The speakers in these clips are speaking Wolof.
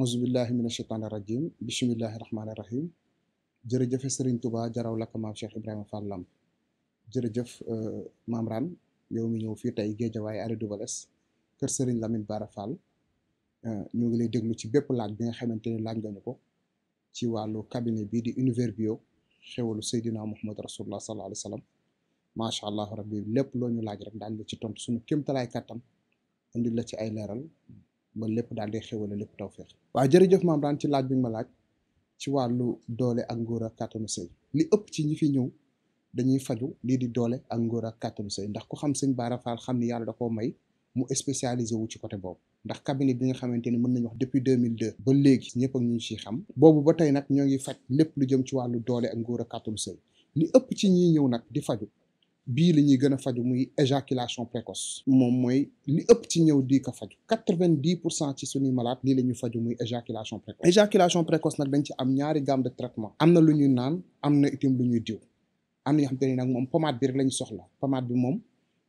auzu billahi mina shaytaani rajim bismillahi rahmaani rahim jërëjëf Serigne Touba jaraw lakk maam Cheikh Ibrahima Fall Lamp jërëjëf euh, maam Rane yow mi ñëw fii tey Géejawaay Allée Doubalès kër Serigne Lamine Bara Fall euh, ñu ngi lay déglu ci bépp laaj bi nga xamante ne laaj nga ñu ko ci wàllu cabinet bii di univers bio xéwalu Seydina Muhammad rasulullah sallallahu alayhi wa sallam macha allah rabbi lépp loo ñu laaj rek daal la ci tontu suñu kéemtalaay kàttan indi la ci ay leeral ba lépp daal di xéwale lépp tawféex waaw jërëjëf maam daan ci laaj bi ma laaj ci wàllu doole ak ngóor ak sëy li ëpp ci ñi fi ñëw dañuy faju lii di doole ak ngóor ak kàttanu sëy ndax ku xam seen Bara Fall xam ni yàlla da koo may mu spécialisé wu ci côté boobu ndax cabinet bi nga xamante ni mën nañu wax depuis 2002 ba léegi ñëpp ak ñu ciy xam boobu ba tey nag ñoo ngi faj lépp lu jëm ci wàllu doole ak ngóor ak kàttanu sëy li ëpp ci ñiy ñëw nag di faju bi li ñuy gën a faju muy éjaculation précoce moom mooy li ëpp ci ñëw di ko faju 90% ci suñuy malade lii la ñuy faju muy éjaculation précoce éjaculation précoce nag dañ ci am ñaari gamme de traitement am na lu ñuy naan am na itam lu ñuy diw am na ñoo xam te ne nag moom pommade bi rek la ñu soxla pomade bi moom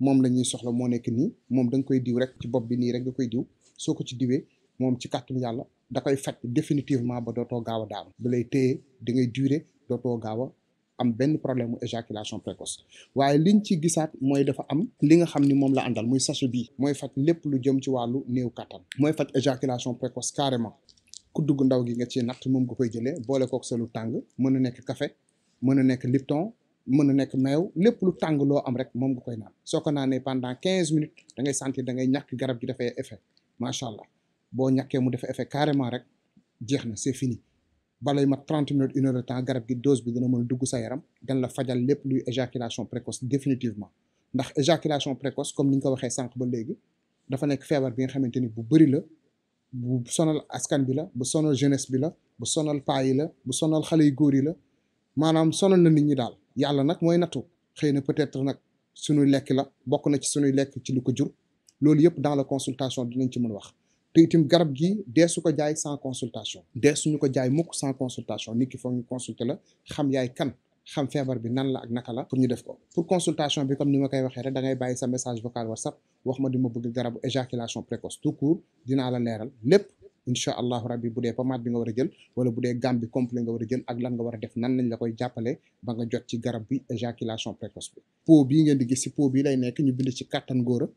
moom la ñuy soxla moo nekk nii moom da nga koy diw rek ci bopp bi nii rek da koy diw soo ko ci diwee moom ci kàttanu yàlla da koy faj définitivement ba dootoo gaaw a daanu da lay téye da ngay durer dootoo gaaw a am benn problème mu éjaculation précoce waaye liñ ci gisaat mooy dafa am li nga xam ni moom la àndal muy sachet bii mooy lu jëm ci wàllu éjaculation précoce carrément ku dugg ndaw gi nga ci natt moom nga koy jëlee boole sa lu tàng mën a café mën a lipton mën a nekk meew lu tàng loo am nga koy pendant 15 minutes da ngay sentir da ngay ñàkk garab effet effet carrément c'est fini balay ma 30 minutes une heure de temps garab gi dose bi dina mën dugg sa yaram dan la fajal lepp luy éjaculation précoce définitivement ndax éjaculation précoce comme ni ko waxé sank ba légui dafa nek fièvre bi nga xamanteni bu bëri la bu sonal askan bi la bu sonal jeunesse bi la bu sonal paa yi la bu sonal xalé yu góor yi la manam sonal na nit ñi dal yalla nak moy natou xeyna peut-être nak suñu lekk la bokku na ci suñu lekk ci lu ko jur loolu yëpp dans la consultation dinañ ci mëna wax te itam garab gi deesu ko jaay sans consultation dee suñu ko jaay mukk sans consultation nit ki foog ñu la xam yaay kan xam feebar bi nan la ak naka la pour ñu def ko pour consultation bi comme ni ma koy waxee rek da ngay bàyyi sa message vocal whatsapp wax ma di ma garab garabu éjaculation précoce tout court dinaa la leeral lépp incha allahu rabbi bu dee pommade bi nga war a jël wala bu dee gam bi complet nga war a jël ak lan nga war a def nan lañ la koy jàppale ba nga jot ci garab bi éjaculation précoce bi pot bii ngeen di gis si pot bii lay nekk ñu bind ci kattan góora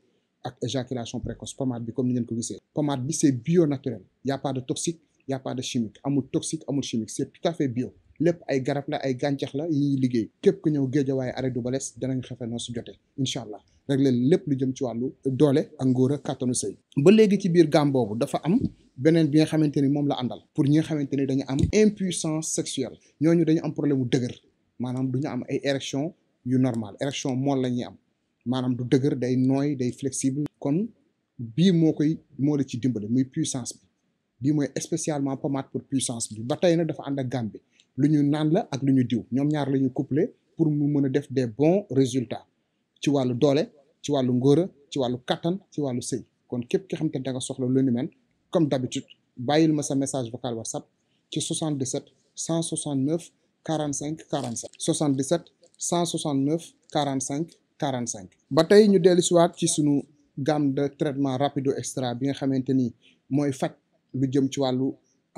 ak éjaculation précoce pomade bi comme ni ngeen ko gisee pomade bi c'est bio naturel il y a pas de toxique il y a pas de chimique amul toxique amul chimique c'est tout à fait bio lepp ay garap la ay gàncax la yi ñuy liggéey képp ku ñëw géejawaay arrêt du bales danañ xefe noo si jote incha inshallah rek leen lépp lu jëm ci walu doole ak ngóor a kàttanu sëy ba légui ci biir gam bobu dafa am benen bi nga xamante mom la andal pour ñi nga xamante dañu am impuissance sexuelle ñooñu dañu am problème mu dëgër maanaam duñu am ay érection yu normal érection mo la am manam du deuguer day noy day flexible kon bi mo koy mo la ci dimbale muy puissance bi bi moy spécialement pommade pour puissance bi batay na dafa ànd ak gamme bi lu la ak luñu diw ñom ñaar lañu coupler pour mu mën def des bons résultats ci walu doole ci walu ngóora ci walu Katan, ci walu sey kon képp ki xam te da nga soxla lu ni mel comme d'habitude bayil ma sa message vocal whatsapp ci 77 169 45 45 77 169 45 Bataille Nous ba tey ñu dellu ci sunu gamme de traitement rapide extra bi nga xamanteni moy mooy lu jëm ci walu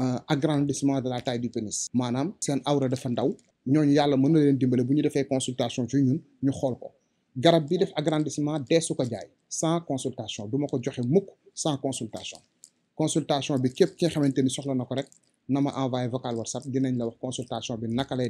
euh, agrandissement de la taille du pénis Manam sen awra dafa ndaw ñooñu yalla mëna leen dimbalé bu ñu defee consultation ci ñun ñu xol ko garab bi def agrandissement dès su ko jaay sans consultation duma ko joxe mukk sans consultation consultation bi képp ki nga xamante soxla na ko rek nama envoyer vocal whatsapp dinañ la wax consultation bi naka lay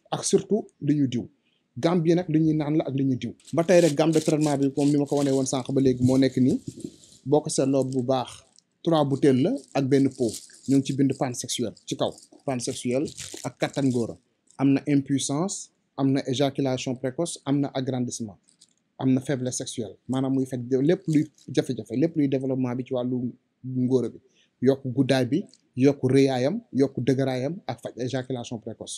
ak surtout li ñuy diw gam bi nag li ñuy naan la ak li ñuy diw ba tey rek gamme de traitement bi comme ni ma ko wanee won sank ba légui mo nekk ni boko sa seetloo bu baax trois bouteilles la ak ben pot ñu ci bind pan sexuel ci kaw pan sexuel ak kattan góora impuissance amna éjaculation précoce amna agrandissement amna faiblesse sexuelle manam muy fek lepp luy jafé jafé lepp luy développement bi ci walu ngóora bi yok guddaay bi yok rëyaayam yok dëgëraayam ak faj éjaculation précoce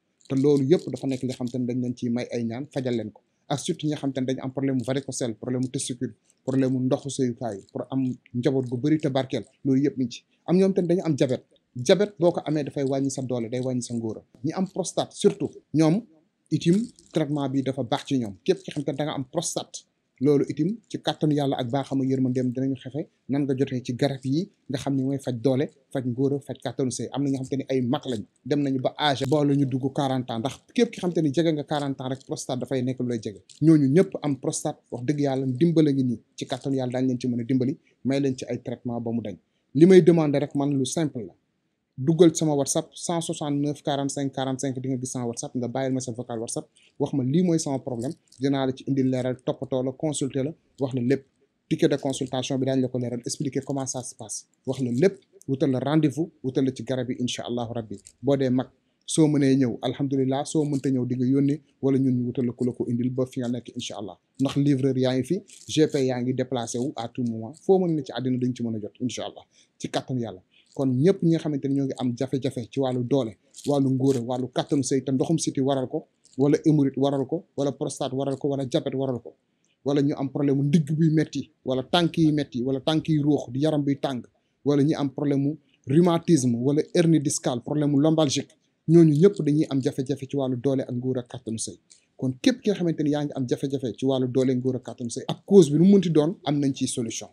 te loolu yëpp dafa nekk li xam te ne dañ leen ci may ay ñaan fajal leen ko ak surtout ñi nga xam te ne dañu am problème mu varicocèle problème mu testicule problème mu ndoxu sëyukaay pour am njaboot gu bëri te barkeel loolu yëpp mi ngi ci am ñoom te dañu am jabet jabet boo ko amee dafay wàññi sa doole day wàññi sa ngóora ñi am prostate surtout ñoom itim traitement bi dafa baax ci ñoom képp ki xam te ne nga am prostate loolu itim ci kàttanu yàlla ak baaxam ak yërmandeem dinañu xefe nan nga jotee ci garab yi nga xam ne mooy faj doole faj ngóora faj kàttanu sëy am na ñoo xam te ne ay mag lañ dem nañu ba âge boole ñu dugg 40 ans ndax képp ki xam te ne jege nga 40 ans rek prostate dafay nekk lu lay jege ñooñu ñëpp am prostate wax dëgg yàlla dimbale ngi nii ci kàttanu yàlla daañu leen ci mën a dimbali may leen ci ay traitement ba mu dañ li may demander rek man lu simple la duggal sama whatsapp 169 45 45 di nga gis sama whatsapp nga bàyyil ma sa vocal whatsapp wax ma lii mooy sama problème dinaa la ci indi leeral toppatoo la consulter la wax la lépp ticket de consultation bi daañu la ko leeral expliquer comment ça se passe wax la lépp wutal la rendez-vous wutal la ci garab yi incha allahu rabbi boo dee mag soo mënee ñëw alhamdulilah soo mën mënta ñëw di nga yónnee wala ñun ñu wutal la ku la ko indil ba fi nga nekk incha allah ndax livreur yaa ngi fi yaa ngi déplacé wu à tout foo mën ne ci àddina dañ ci mën a jot incha allah ci kàttan yàlla kon ñëpp ñi nga xamante ni ñoo ngi am jafe-jafe ci wàllu doole wàllu ngóore wàllu kàttanu sëy te ndoxum siti waral ko wala émorite waral ko wala prostate waral ko wala diabète waral ko wala ñu am problème mu ndigg buy metti wala tànk yi metti wala tànk yi ruux di yaram buy tàng wala ñu am problème mu rhumatisme wala hernie discale problème mu lombalgique ñooñu ñëpp dañuy am jafe ci wàllu doole ak ngóor ak kàttanu sëy kon képp ki nga xamante ni yaa ngi am jafe-jafe ci wàllu doole ngóor ak kàttanu sëy ak cause bi nu mu munti doon am nañ ci solution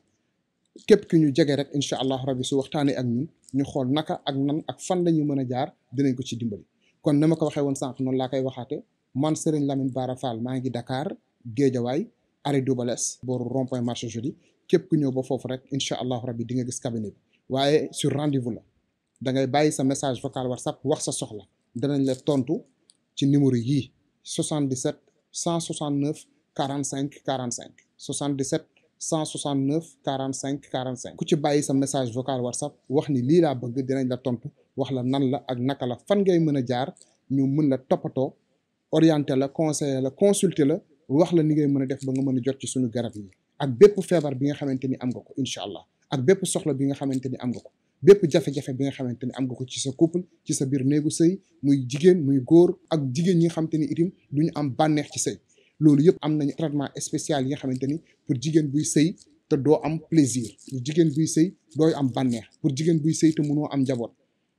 képp ki ñu jege rek incha allah rabi su waxtaanee ak ñun ñu xool naka ak nan ak fan la ñu mën a jaar dinañ ko ci dimbali kon na ma ko waxee woon sànq noonu laa koy waxaate man Serigne Lamine Bara faal maa ngi Dakar Géejawaay arrêt Doubalès booru rond-point marché jeudi képp ku ñëw ba foofu rek incha allah rabi di nga gis cabinet bi waaye sur rendez la da ngay bàyyi sa message vocal WhatsApp wax sa soxla danañ la tontu ci numéro yii 77 169 45 45 77. 169 45 45 ku ci bàyyi sa message vocal whatsapp wax ni lii laa bëgg dinañ la tontu wax la nan la ak naka la fan ngay mën a jaar ñu mën la toppatoo orienté la conseiller la consulter la wax la ni ngay mën a def ba nga mën a jot ci suñu garab yi ak bépp feebar bi nga xamante ni am nga ko incha allah ak bépp soxla bi nga xamante ni am nga ko bépp jafe-jafe bi nga xamante ni am nga ko ci sa couple ci sa biir néegu sëy muy jigéen muy góor ak jigéen ñi nga xamante ni itam duñu am bànneex ci sëy loolu yëpp am nañu traitement spécial yi nga xamante ni pour jigéen buy sëy te doo am plaisir pour jigéen buy sëy dooy am bànneex pour jigéen buy sëy te mënoo am njaboot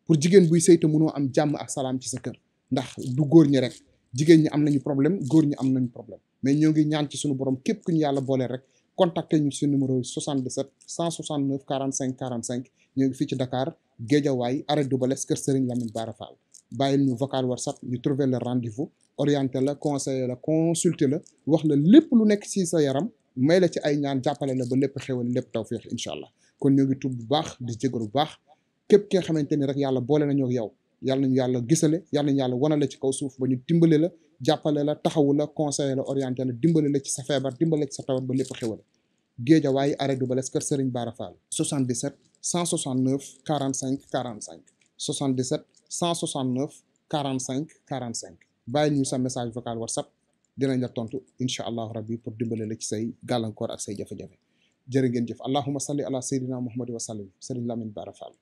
pour jigéen buy sëy te mënoo am jàmm ak salaam ci sa kër ndax du góor ñi rek jigéen ñi am nañu problème góor ñi am nañu problème mais ñoo ngi ñaan ci suñu borom képp ku ñu yàlla booleel rek contacté ñu ci numéro 77 169 45 45 ñoo ngi fii ci Dakar Guédiawaye arrêt Doubalès kër Serigne Lamine Bara Fall bàyyil ñu vocal WhatsApp ñu trouver le rendez-vous orienté la conseillé la consulté la wax la lépp lu nekk ci sa yaram may la ci ay ñaan jàppale la ba lépp xéwal lépp tawféex incha allah kon ñoo ngi tuub bu baax di jégalu bu baax képp ki nga xamante ni rek yàlla boole nañoo ak yow yàlla nañu yàlla gisale yàlla nañu yàlla wanale ci kaw suuf ba ñu dimbale la jàppale la taxawu la conseil la orienté la dimbale la ci sa feebar dimbale la ci sa tawat ba lépp xéwal Géejawaay arrêt du Balès kër Serigne Bara Fall 77 169 45 45 77 169 45 45 bàyyi ñu sa message vocal whatsapp dinañ la tontu incha allah rabbi pour dimbale la ci say gàllankoor ak say jafe-jafe jërë ngeen jëf allahuma salli ala sayyidina muhammad wa sallim sëriñ Lamine Bara Fall